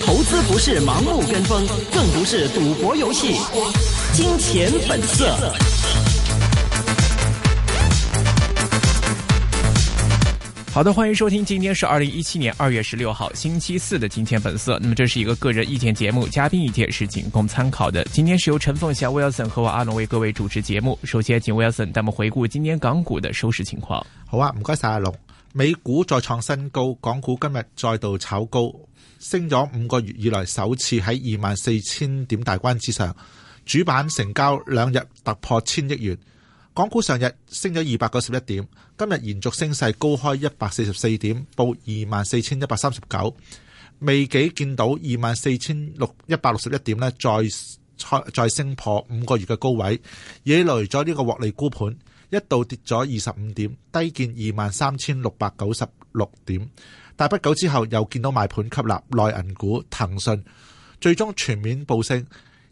投資不是盲目跟風，更不是賭博遊戲。金錢本色。好的，歡迎收聽，今天是二零一七年二月十六號星期四的金錢本色。那麼這是一個個人意見節目，嘉賓意見是僅供參考的。今天是由陳鳳霞 Wilson 和我阿龍為各位主持節目。首先請 Wilson 帶我們回顧今天港股的收市情況。好啊，唔該晒阿龍。美股再創新高，港股今日再度炒高，升咗五個月以來首次喺二萬四千點大關之上。主板成交兩日突破千億元。港股上日升咗二百九十一點，今日延續升勢高開一百四十四點，報二萬四千一百三十九。未幾見到二萬四千一百六十一點呢，再再升破五個月嘅高位，惹來咗呢個獲利沽盤。一度跌咗二十五點，低見二萬三千六百九十六點，但不久之後又見到買盤吸納內銀股騰訊，最終全面報升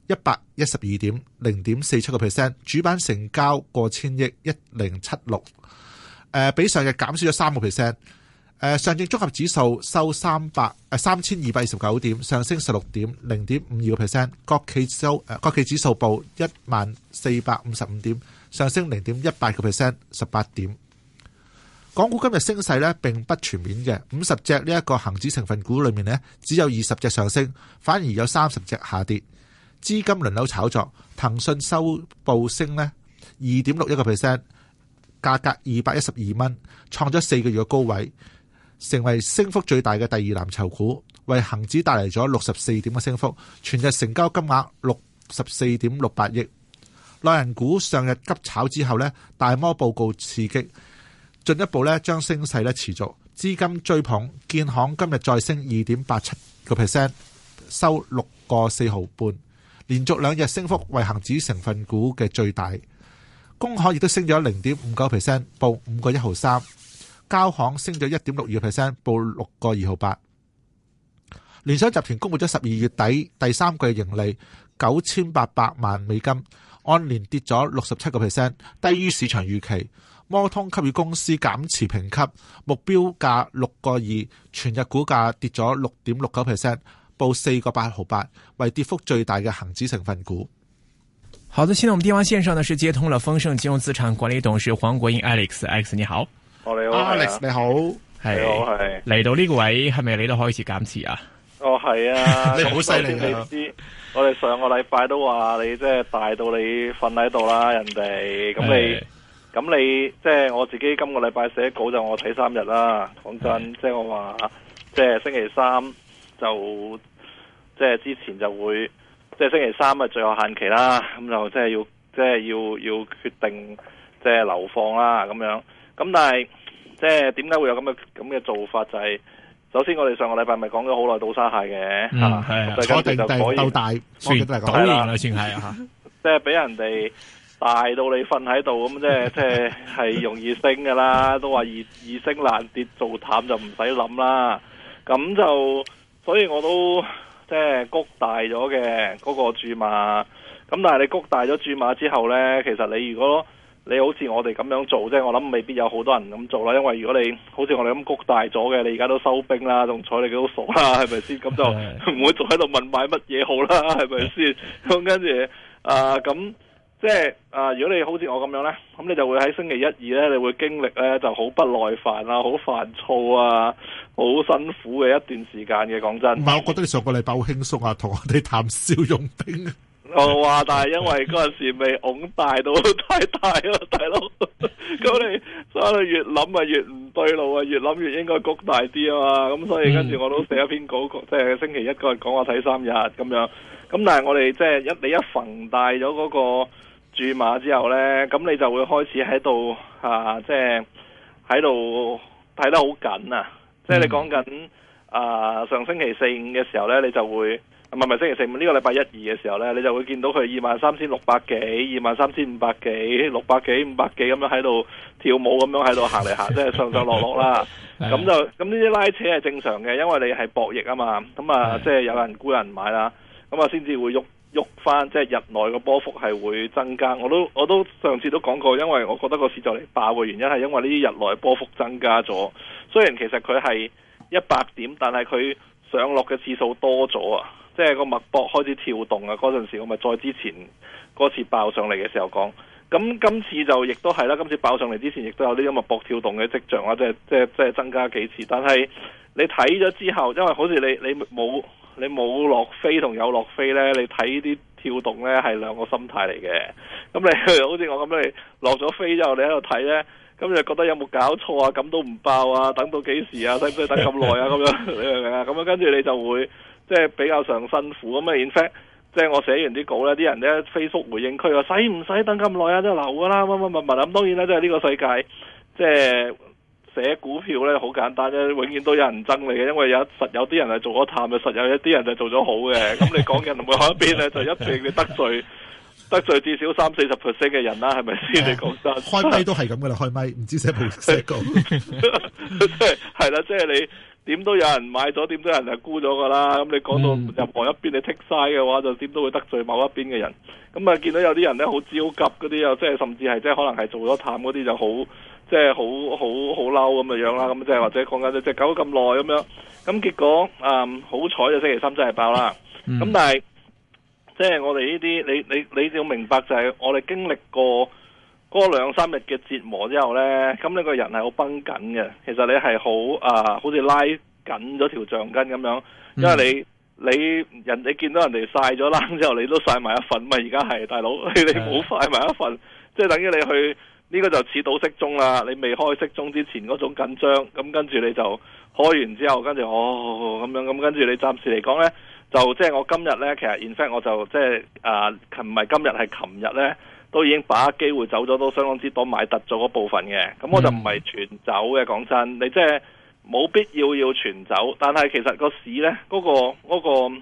一百一十二點零點四七個 percent，主板成交過千億一零七六，比上日減少咗三個 percent，上證綜合指數收三百誒三千二百二十九點，上升十六點零點五二個 percent，國企收誒國企指數報一萬四百五十五點。上升零點一八個 percent，十八點。港股今日升勢呢並不全面嘅，五十隻呢一個恒指成分股裏面呢，只有二十隻上升，反而有三十隻下跌。資金輪流炒作，騰訊收報升呢，二點六一個 percent，價格二百一十二蚊，創咗四個月嘅高位，成為升幅最大嘅第二藍籌股，為恒指帶嚟咗六十四點嘅升幅，全日成交金額六十四點六八億。內銀股上日急炒之後呢，大摩報告刺激進一步咧，將升勢咧持續。資金追捧建行今日再升二點八七個 percent，收六個四毫半，連續兩日升幅為恆指成分股嘅最大。工行亦都升咗零點五九 percent，報五個一毫三。交行升咗一點六二 percent，報六個二毫八。聯想集團公布咗十二月底第三季盈利九千八百萬美金。按年跌咗六十七個 percent，低於市場預期。摩通給予公司減持評級，目標價六個二。全日股價跌咗六點六九 percent，報四個八毫八，為跌幅最大嘅恒指成分股。好的，現在我們電話線上呢是接通了豐盛金融資產管理董事黃國英 Alex，Alex 你好，我嚟，Alex 你好，Alex，你好係嚟嘿到呢個位係咪你都開始減持啊？哦係啊， 你好犀利啊！ 你我哋上個禮拜都話你即係大到你瞓喺度啦，人哋咁你咁 Hey. 你即係、就是、我自己今個禮拜寫稿就我睇三日啦。講真，即係我話，即、就、係、是、星期三就即係、就是、之前就會，即、就、係、是、星期三咪最後限期啦。咁就即、是、係要即係、就是、要要決定即係、就是、流放啦咁樣。咁但係即係點解會有咁嘅咁嘅做法就係、是？首先，我哋上個禮拜咪講咗好耐倒沙蟹嘅，嗯，嗯坐地就可以鬥大，算係啊，即係俾人哋大到你瞓喺度咁， 即係即係係容易升噶啦，都話易易升難跌，做淡就唔使諗啦。咁就，所以我都即係谷大咗嘅嗰個注碼，咁但係你谷大咗注碼之後咧，其實你如果，如果你好似我哋咁樣做，即係我諗未必有好多人咁做啦。因為如果你好似我哋咁谷大咗嘅，你而家都收兵啦，仲彩你幾好傻啦，係咪先？咁就唔 會仲喺度問買乜嘢好啦，係咪先？咁跟住啊，咁、呃、即係啊、呃，如果你好似我咁樣咧，咁你就會喺星期一二咧，你會經歷咧就好不耐煩啊，好煩躁啊，好辛苦嘅一段時間嘅。講真，唔係，我覺得你上個禮拜好輕鬆啊，同我哋談笑用兵。我話、哦，但係因為嗰陣時未拱大到太大咯，大佬，咁 你越諗越諗越越越所以越諗咪越唔對路啊，越諗越應該谷大啲啊嘛，咁所以跟住我都寫一篇稿，即係星期一嗰日講話睇三日咁樣，咁但係我哋即係一你一逢大咗嗰個注碼之後呢，咁你就會開始喺度啊，即係喺度睇得好緊啊，即係你講緊啊上星期四五嘅時候呢，你就會。唔係星期四？呢個禮拜一二嘅時候呢，你就會見到佢二萬三千六百幾、二萬三千五百幾、六百幾、五百幾咁樣喺度跳舞咁樣喺度行嚟行，即係 上上落落啦。咁 就咁呢啲拉扯係正常嘅，因為你係博弈啊嘛。咁啊，即係有人沽有人買啦。咁啊， 先至會喐喐翻，即係日內個波幅係會增加。我都我都上次都講過，因為我覺得個市就嚟爆嘅原因係因為呢啲日內波幅增加咗。雖然其實佢係一百點，但係佢上落嘅次數多咗啊！即係個脈搏開始跳動啊！嗰陣時我咪再之前嗰次爆上嚟嘅時候講，咁今次就亦都係啦。今次爆上嚟之前，亦都有呢種脈搏跳動嘅跡象啊！即係即係即係增加幾次。但係你睇咗之後，因為好似你你冇你冇落飛同有落飛咧，你睇啲跳動咧係兩個心態嚟嘅。咁你好似我咁你落咗飛之後，你喺度睇咧，咁就覺得有冇搞錯啊？咁都唔爆啊？等到幾時啊？使唔使等咁耐啊？咁樣你明唔明啊？咁樣跟住你就會。即係比較上辛苦咁嘅 In fact 即係我寫完啲稿咧，啲人咧 Facebook 回應區用用啊，使唔使等咁耐啊？都留㗎啦，乜乜乜乜咁。當然啦，即係呢個世界，即係寫股票咧，好簡單咧，永遠都有人憎你嘅。因為有實有啲人係做咗淡嘅，實有啲人就做咗好嘅。咁你講嘅唔會一邊咧？就一定得罪，得罪至少三四十 percent 嘅人啦，係咪先？你講真，開咪都係咁嘅啦，開咪唔知寫唔寫稿，即係係啦，即係、 就是、你。點都有人買咗，點都有人係沽咗噶啦。咁你講到任何一邊你剔晒嘅話，就點都會得罪某一邊嘅人。咁啊，見到有啲人咧好焦急，嗰啲啊，即係甚至係即係可能係做咗淡嗰啲就好，即係好好好嬲咁嘅樣啦。咁即係或者講緊隻狗咁耐咁樣，咁結果啊好彩就星期三真係爆啦。咁、嗯、但係即係我哋呢啲，你你你要明白就係我哋經歷過。嗰兩三日嘅折磨之後呢，咁呢個人係好繃緊嘅。其實你係好啊，好似拉緊咗條橡筋咁樣。因為你、嗯、你人，你見到人哋晒咗冷之後，你都晒埋一,一份。咪而家係大佬，你你冇曬埋一份，即係等於你去呢、呢個就似倒骰盅啦。你未開骰盅之前嗰種緊張，咁跟住你就開完之後，跟住哦咁樣咁，跟、嗯、住你暫時嚟講呢，就即係我今日呢，其實 in fact 我就即係啊，唔、呃、係今日係琴日呢。都已經把握機會走咗，都相當之多買突咗嗰部分嘅，咁我就唔係全走嘅。講真，嗯，你即係冇必要要全走，但係其實個市呢，嗰個嗰個嗰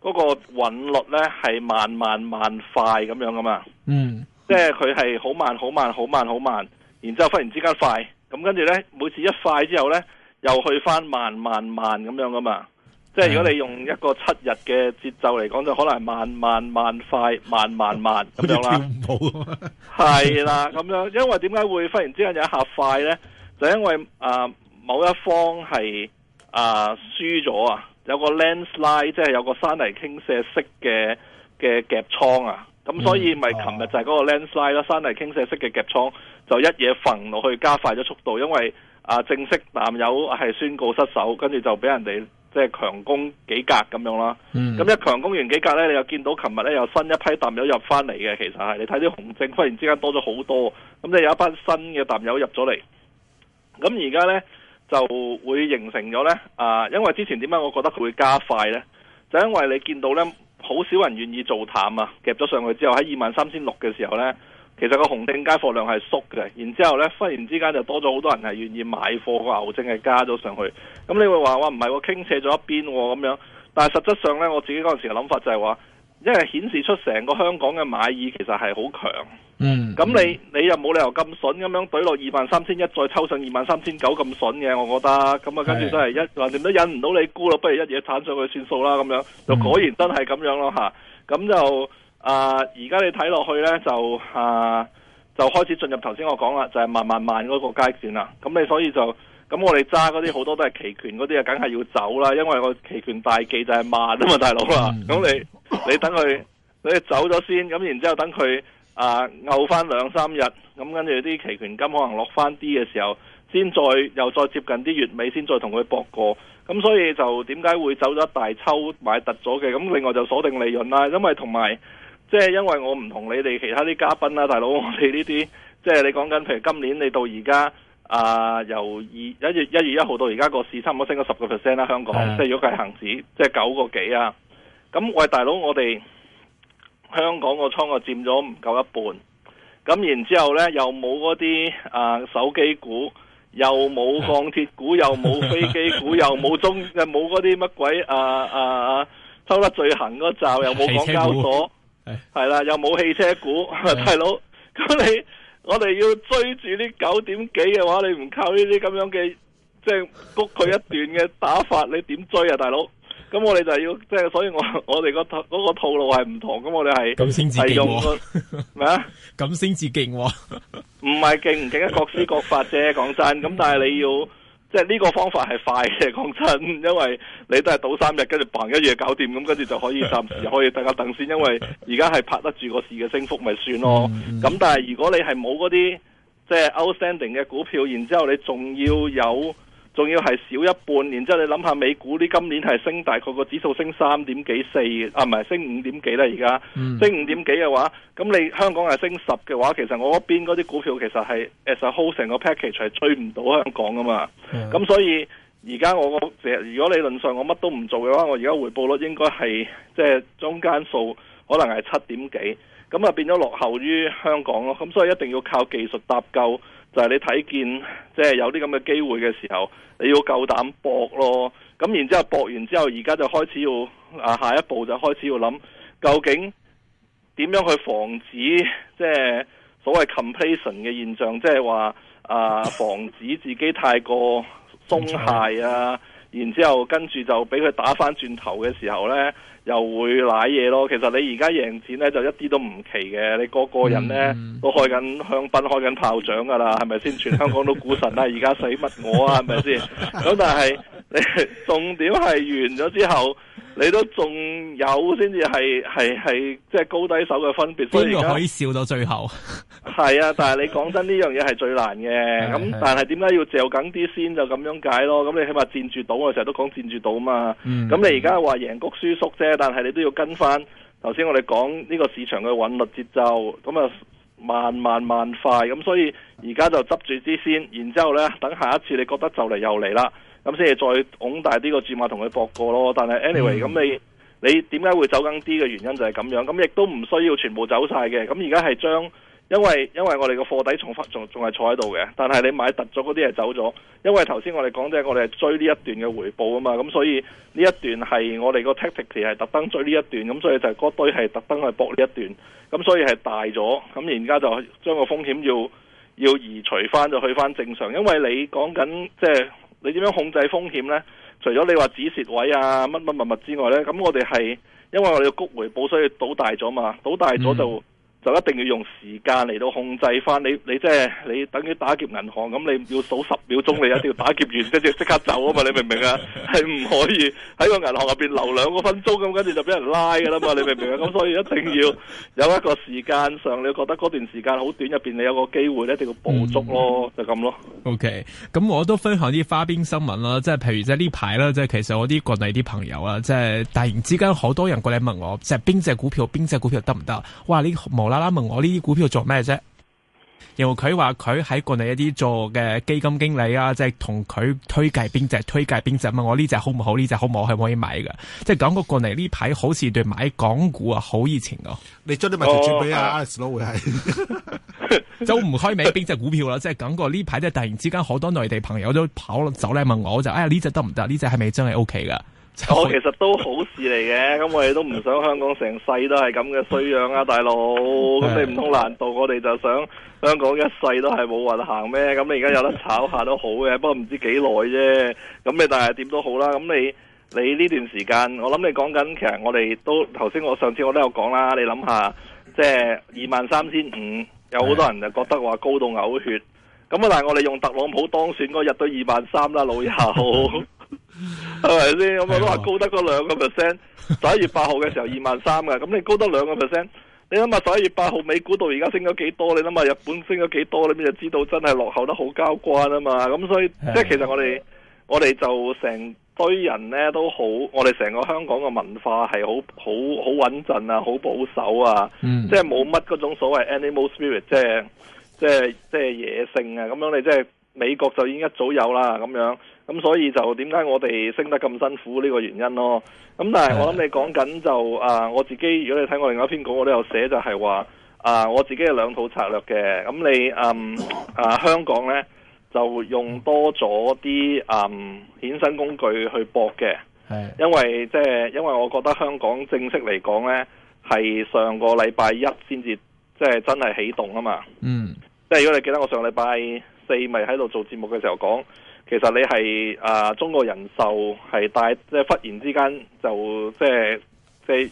個嗰個韻律呢係慢慢慢快咁樣噶嘛。嗯，即係佢係好慢好慢好慢好慢，慢，慢，然之後忽然之間快，咁跟住呢，每次一快之後呢，又去翻慢慢慢咁樣噶嘛。即係如果你用一個七日嘅節奏嚟講，就可能係慢，慢，慢，慢慢快慢慢，慢咁樣啦。係 啦，咁樣因為點解會忽然之間有一下快呢？就因為啊、呃，某一方係啊輸咗啊，有個 landslide，即係有個山泥傾瀉式嘅嘅夾倉啊。咁所以咪琴日就係嗰個 landslide 咯， 山泥傾瀉式嘅夾倉就一嘢焚落去，加快咗速度，因為。啊！正式淡友係宣告失守，跟住就俾人哋即係強攻幾格咁樣啦。咁、嗯、一強攻完幾格呢，你又見到琴日呢有新一批淡友入翻嚟嘅，其實係你睇啲紅針忽然之間多咗好多，咁就有一班新嘅淡友入咗嚟。咁而家呢就會形成咗呢。啊！因為之前點解我覺得佢會加快呢？就因為你見到呢，好少人願意做淡啊，夾咗上去之後喺二萬三千六嘅時候呢。其實個紅定街貨量係縮嘅，然之後呢忽然之間就多咗好多人係願意買貨，個牛證係加咗上去。咁你會話哇唔係我傾斜咗一邊咁樣，但係實質上呢，我自己嗰陣時嘅諗法就係話，因為顯示出成個香港嘅買意其實係好強。嗯，咁你你又冇理由咁笋咁樣懟落二萬三千一再抽上二萬三千九咁笋嘅，我覺得咁啊，跟住都係一橫掂都引唔到你沽咯，不如一嘢鏟上去算數啦。咁樣就果然真係咁樣咯吓，咁就。啊！而家你睇落去呢，就啊，就開始進入頭先我講啦，就係、是、慢、慢、慢嗰個階段啦。咁你所以就咁，我哋揸嗰啲好多都係期權嗰啲啊，梗係要走啦，因為個期權大忌就係慢啊嘛，大佬、嗯嗯、啊。咁你你等佢你走咗先，咁然之後等佢啊拗翻兩三日，咁跟住啲期權金可能落翻啲嘅時候，先再，再又再接近啲月尾，先再同佢博過。咁所以就點解會走咗大抽買突咗嘅？咁另外就鎖定利潤啦，因為同埋。即係因為我唔同你哋其他啲嘉賓啦、啊，大佬我哋呢啲，即係你講緊譬如今年你到而家啊，由二一月一月一號到而家個市差唔多升咗十個 percent 啦，香港的即係如果計恒指，即係九個幾啊。咁喂，大佬我哋香港個倉個佔咗唔夠一半，咁然之後呢又冇嗰啲啊手機股，又冇鋼鐵股，又冇飛機股，又冇中，又冇嗰啲乜鬼啊啊，收、啊啊、得最行嗰罩，又冇港交所。係啦，又冇汽車股，的 大佬。咁你我哋要追住啲九點幾嘅話，你唔靠呢啲咁樣嘅，即係谷佢一段嘅打法， 你點追啊，大佬？咁我哋就要，即係，所以我，我我哋個嗰個套路係唔同。咁我哋係咁先至勁，咩啊？咁先至勁，唔係勁唔勁啊？ 勁勁，各施各法啫，講真。咁但係你要。即係呢個方法係快嘅，講真，因為你都係賭三日，跟住嘭一嘢搞掂，咁跟住就可以暫時可以大家等先，因為而家係拍得住個市嘅升幅咪算咯。咁、嗯、但係如果你係冇嗰啲即係 outstanding 嘅股票，然之後你仲要有。仲要係少一半，然之後你諗下美股啲今年係升大概個指數升三點幾四，啊唔係升五點幾啦，而家、mm. 升五點幾嘅話，咁你香港係升十嘅話，其實我嗰邊嗰啲股票其實係，其實 as a whole 成個 package 係追唔到香港噶嘛。咁、mm. 所以而家我個如果理論上我乜都唔做嘅話，我而家回報率應該係即係中間數可能係七點幾，咁啊變咗落後於香港咯。咁所以一定要靠技術搭救。就係你睇見，即係有啲咁嘅機會嘅時候，你要夠膽搏咯。咁然之後搏完之後，而家就開始要啊，下一步就開始要諗究竟點樣去防止，即係所謂 complacent 嘅現象，即係話啊，防止自己太過鬆懈啊。然之後跟住就俾佢打翻轉頭嘅時候呢，又會瀨嘢咯，其實你而家贏錢咧就一啲都唔奇嘅，你個個人咧、嗯、都開緊香檳、開緊炮仗噶啦，係咪先？全香港都股神啦，啊，而家使乜我啊，係咪先？咁但係你重點係完咗之後，你都仲有先至係係係即係高低手嘅分別。邊個可以笑到最後？係啊，在但係你講真呢樣嘢係最難嘅。咁 但係點解要嚼緊啲先就咁樣解咯？咁你起碼佔住島，啊，成日都講佔住島嘛。咁你而家話贏谷輸縮啫。但係你都要跟翻頭先，我哋講呢個市場嘅韻律節奏，咁啊慢慢慢快，咁所以而家就執住啲先，然之後呢，等下一次你覺得就嚟又嚟啦，咁先至再擁大啲個注碼同佢搏過咯。但係 anyway，咁你你點解會走更啲嘅原因就係咁樣，咁亦都唔需要全部走晒嘅。咁而家係將。因為因為我哋個貨底重翻，仲仲係坐喺度嘅。但係你買突咗嗰啲係走咗，因為頭先我哋講，即係我哋係追呢一段嘅回報啊嘛。咁、嗯、所以呢一段係我哋個 tactics 係特登追呢一段，咁、嗯、所以就嗰堆係特登去搏呢一段，咁、嗯、所以係大咗。咁而家就將個風險要要移除翻，就去翻正常。因為你講緊即係你點樣控制風險呢？除咗你話止蝕位啊，乜乜物物之外呢？咁、嗯、我哋係因為我哋谷回報，所以賭大咗嘛，賭大咗就。嗯就一定要用時間嚟到控制翻你，你即係你等於打劫銀行咁，你要數十秒鐘，你一定要打劫完即即 刻走啊嘛！你明唔明啊？係唔 可以喺個銀行入邊留兩個分鐘咁，跟住就俾人拉噶啦嘛！你明唔明啊？咁 所以一定要有一個時間上，你覺得嗰段時間好短入邊，你有個機會一定要捕捉咯，嗯、就咁咯。O K，咁我都分享啲花邊新聞啦，即係譬如即係呢排啦，即係其實我啲國內啲朋友啊，即係突然之間好多人過嚟問我，即係邊隻股票、邊隻股票得唔得？哇！呢無啦。阿啦問我呢啲股票做咩啫？然後佢話佢喺國內一啲做嘅基金經理啊，即係同佢推介邊隻推介邊隻啊？問我呢隻好唔好？呢隻好唔好？可唔可以買噶？即係感覺國內呢排好似對買港股啊好熱情哦、啊。你將啲問題轉俾阿阿 Alex 咯，會係都唔開名邊隻股票啦。即係 感覺呢排即係突然之間好多內地朋友都跑走嚟問我，就哎呀，呢隻得唔得？呢隻係咪真係 O K 噶？我、 哦、其實都好事嚟嘅，咁 我哋都唔想香港成世都係咁嘅衰樣啊，大佬！咁 你唔通難道我哋就想香港一世都係冇運行咩？咁你而家有得炒下都好嘅， 不過唔知幾耐啫。咁你但係點都好啦，咁你你呢段時間，我諗你講緊，其實我哋都頭先我上次我都有講啦，你諗下，即係二萬三千五，有好多人就覺得話高到嘔血。咁啊，但係我哋用特朗普當選嗰日都二萬三啦，老友。 係咪先咁我都話高得嗰兩個 percent。十一月八號嘅時候二萬三嘅，咁你高得兩個 percent，你諗下十一月八號美股到而家升咗幾多？你諗下日,日本升咗幾多？你邊就知道真係落後得好交關啊嘛！咁所以 即係其實我哋我哋就成堆人咧都好，我哋成個香港嘅文化係好好好穩陣啊，好保守啊，嗯、即係冇乜嗰種所謂 animal spirit，即係即係即係野性啊！咁樣你即係美國就已經一早有啦，咁樣。咁、嗯、所以就點解我哋升得咁辛苦呢、呢個原因咯？咁、嗯、但係的我諗你講緊就啊、呃，我自己如果你睇我另外一篇稿，我都有寫就係話啊，我自己有兩套策略嘅。咁你嗯啊、呃、香港咧就用多咗啲嗯衍生工具去搏嘅，的因為即係、就是、因為我覺得香港正式嚟講咧係上個禮拜一先至即係真係啟動啊嘛。嗯，即係如果你記得我上禮拜四咪喺度做節目嘅時候講。其實你係啊、呃、中國人壽係帶即係忽然之間就即係即係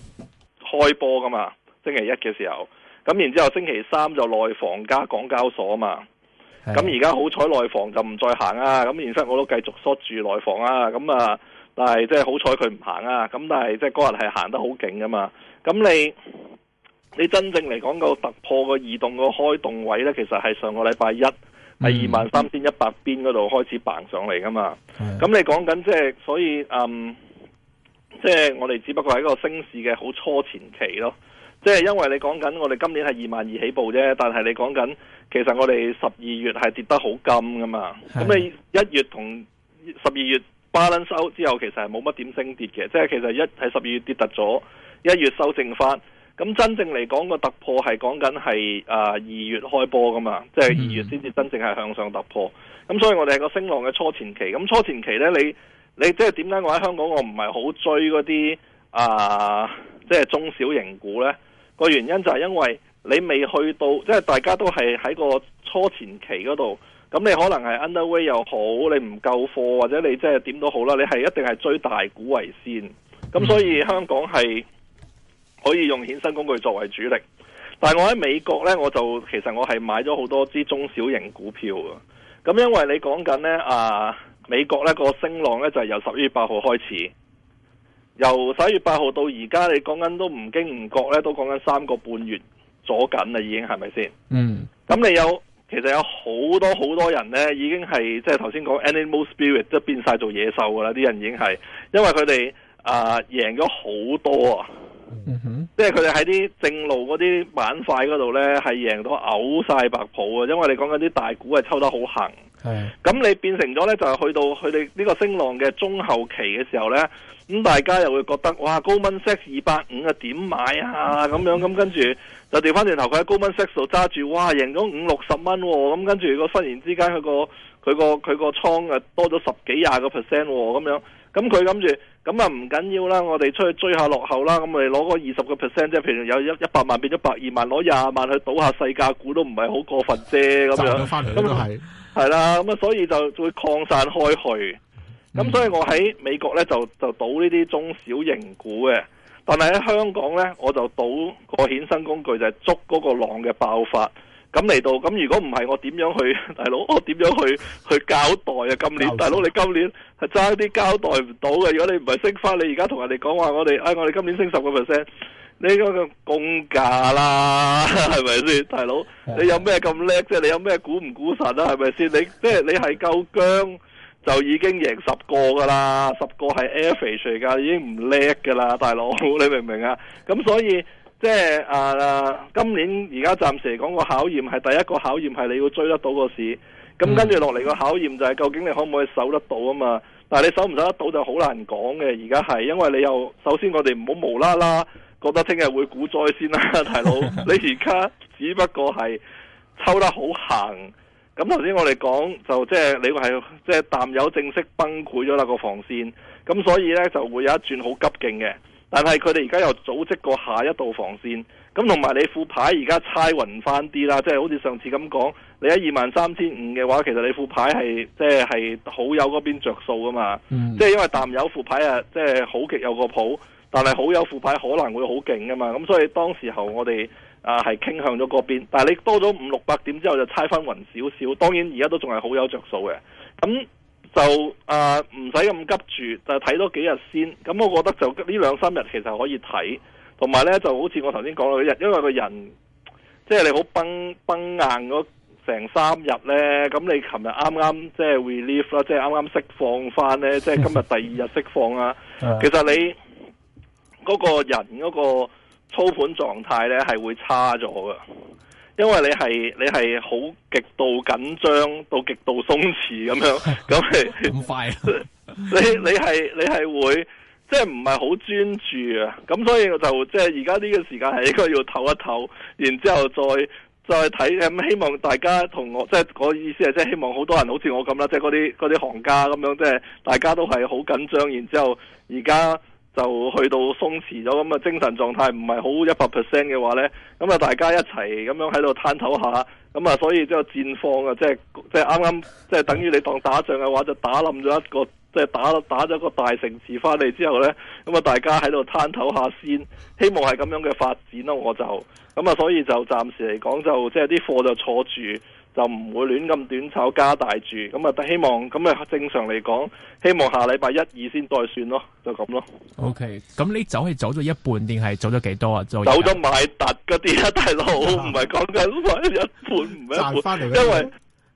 開波噶嘛，星期一嘅時候，咁然之後星期三就內房加港交所啊嘛，咁而家好彩內房就唔再行啊。咁然之後我都繼續 short 住內房啊，咁啊，但係即係好彩佢唔行啊，咁但係即係嗰日係行得好勁噶嘛，咁你你真正嚟講、個突破個移動個開動位咧，其實係上個禮拜一。係二萬三千一百邊嗰度開始膨上嚟，噶嘛？咁的你講緊即係，所以嗯，即係我哋只不過係一個升市嘅好初前期咯。即係因為你講緊我哋今年係二萬二起步啫，但係你講緊其實我哋十二月係跌得好金噶嘛？咁的你一月同十二月巴楞收之後，其實係冇乜點升跌嘅。即係其實一係十二月跌突咗，一月收正翻。咁真正嚟講個突破係講緊係啊二月開波噶嘛，即係二月先至真正係向上突破。咁所以我哋係個升浪嘅初前期。咁初前期呢，你你即係點解我喺香港我唔係好追嗰啲啊，即係中小型股呢個原因就係因為你未去到，即係大家都係喺個初前期嗰度。咁你可能係 underweight 又好，你唔夠貨或者你即係點都好啦，你係一定係追大股為先。咁所以香港係。可以用衍生工具作為主力，但係我喺美國呢，我就其實我係買咗好多支中小型股票嘅。咁因為你講緊呢，啊，美國呢個升浪呢，就係由十一月八號開始，由十一月八號到而家，你講緊都唔經唔覺呢都講緊三個半月左右啦，已經係咪先？嗯。咁你有其實有好多好多人呢，已經係即係頭先講 animal spirit 即變晒做野獸噶啦，啲人已經係因為佢哋啊贏咗好多啊！嗯哼，即係佢哋喺啲正路嗰啲板塊嗰度咧，係贏到嘔晒白泡啊！因為你講緊啲大股係抽得好行。係的，咁你變成咗咧就係去到佢哋呢個升浪嘅中後期嘅時候咧，咁大家又會覺得哇，高溫 sex 二百五啊，點買啊咁樣，咁跟住就掉翻轉頭，佢喺高溫 sex 度揸住，哇，贏咗五六十蚊，咁跟住個忽然之間佢個佢個佢個倉啊多咗十幾廿個 percent 咁樣。咁佢諗住，咁啊唔緊要啦，我哋出去追下落後啦，咁我哋攞嗰二十個 percent 即係，譬如有一一百萬變咗百二萬，攞廿萬去賭下細價股都唔係好過分啫，咁樣，咁係，係啦，咁啊所以就就會擴散開去，咁所以我喺美國咧就就賭呢啲中小型股嘅，但係喺香港咧我就賭個衍生工具就係捉嗰個浪嘅爆發。咁嚟到，咁如果唔係，我點樣去，大佬？我點樣去去交代啊？今年，大佬，你今年係爭啲交代唔到嘅。如果你唔係升翻，你而家同人哋講話，我哋，哎，我哋今年升十個 percent，你個叫公價啦，係咪先，大佬？你有咩咁叻啫？你有咩估唔估神啊？係咪先？你即係你係夠姜就已經贏十個噶啦，十個係 average 已經唔叻噶啦，大佬，你明唔明啊？咁所以。即係啊，今年而家暫時嚟講，個考驗係第一個考驗係你要追得到個市，咁、嗯、跟住落嚟個考驗就係究竟你可唔可以守得到啊嘛？但係，你守唔守得到就好難講嘅。而家係，因為你又首先我哋唔好無啦啦覺得聽日會股災先啦、啊，大佬， 你而家只不過係抽得好行，咁頭先我哋講就即、就、係、是、你話係即係淡有正式崩潰咗啦個防線，咁所以呢就會有一轉好急勁嘅。但係佢哋而家又組織過下一道防線，咁同埋你副牌而家猜雲翻啲啦，即係好似上次咁講，你喺二萬三千五嘅話，其實你副牌係即係係好有嗰邊著數噶嘛，即係、嗯、因為淡有副牌啊，即係好極有個譜，但係好有副牌可能會好勁噶嘛，咁所以當時候我哋啊係傾向咗嗰邊，但係你多咗五六百點之後就猜翻雲少少，當然而家都仲係好有着數嘅，咁。就啊，唔使咁急住，就睇多幾日先。咁我覺得就呢兩三日其實可以睇，同埋呢就好似我頭先講到嗰日，因為個人，即係你好崩崩硬嗰成三日呢。咁你琴日啱啱即係 relief 啦，即係啱啱釋放翻呢，即係今日第二日釋放啊。 其實你嗰個人嗰個操盤狀態呢，係會差咗㗎。因為你係你係好極度緊張到極度鬆弛咁樣，咁係 咁快， 你你係你係會即係唔係好專注啊？咁所以我就即係而家呢個時間係應該要唞一唞，然之後再再睇。咁希望大家同我即係我意思係即係希望好多人好似我咁啦，即係嗰啲啲行家咁樣，即係大家都係好緊張，然之後而家。就去到鬆弛咗咁啊，精神狀態唔係好一百 percent 嘅話呢，咁啊大家一齊咁樣喺度攤抖下，咁、嗯、啊所以即係戰況啊，即係即係啱啱即係等於你當打仗嘅話，就打冧咗一個，即、就、係、是、打打咗個大城池翻嚟之後呢。咁、嗯、啊大家喺度攤抖下先，希望係咁樣嘅發展咯。我就咁啊、嗯，所以就暫時嚟講就即係啲貨就坐住。就唔會亂咁短炒加大注，咁啊希望咁啊正常嚟講，希望下禮拜一二先再算咯，就咁咯。OK，咁你走係走咗一半定係走咗幾多啊？走咗買突嗰啲啊，大佬唔係講緊一半唔係一半，一半 來因為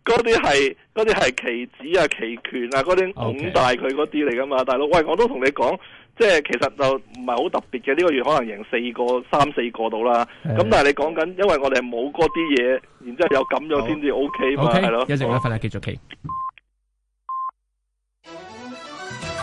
嗰啲係嗰啲係期指啊期權啊嗰啲五大佢嗰啲嚟㗎嘛，大佬，喂我都同你講。即係其實就唔係好特別嘅，呢、這個月可能贏四個、三四個到啦。咁的但係你講緊，因為我哋冇嗰啲嘢，然之後有咁樣先至、哦、OK。OK，一陣間訓下繼續傾。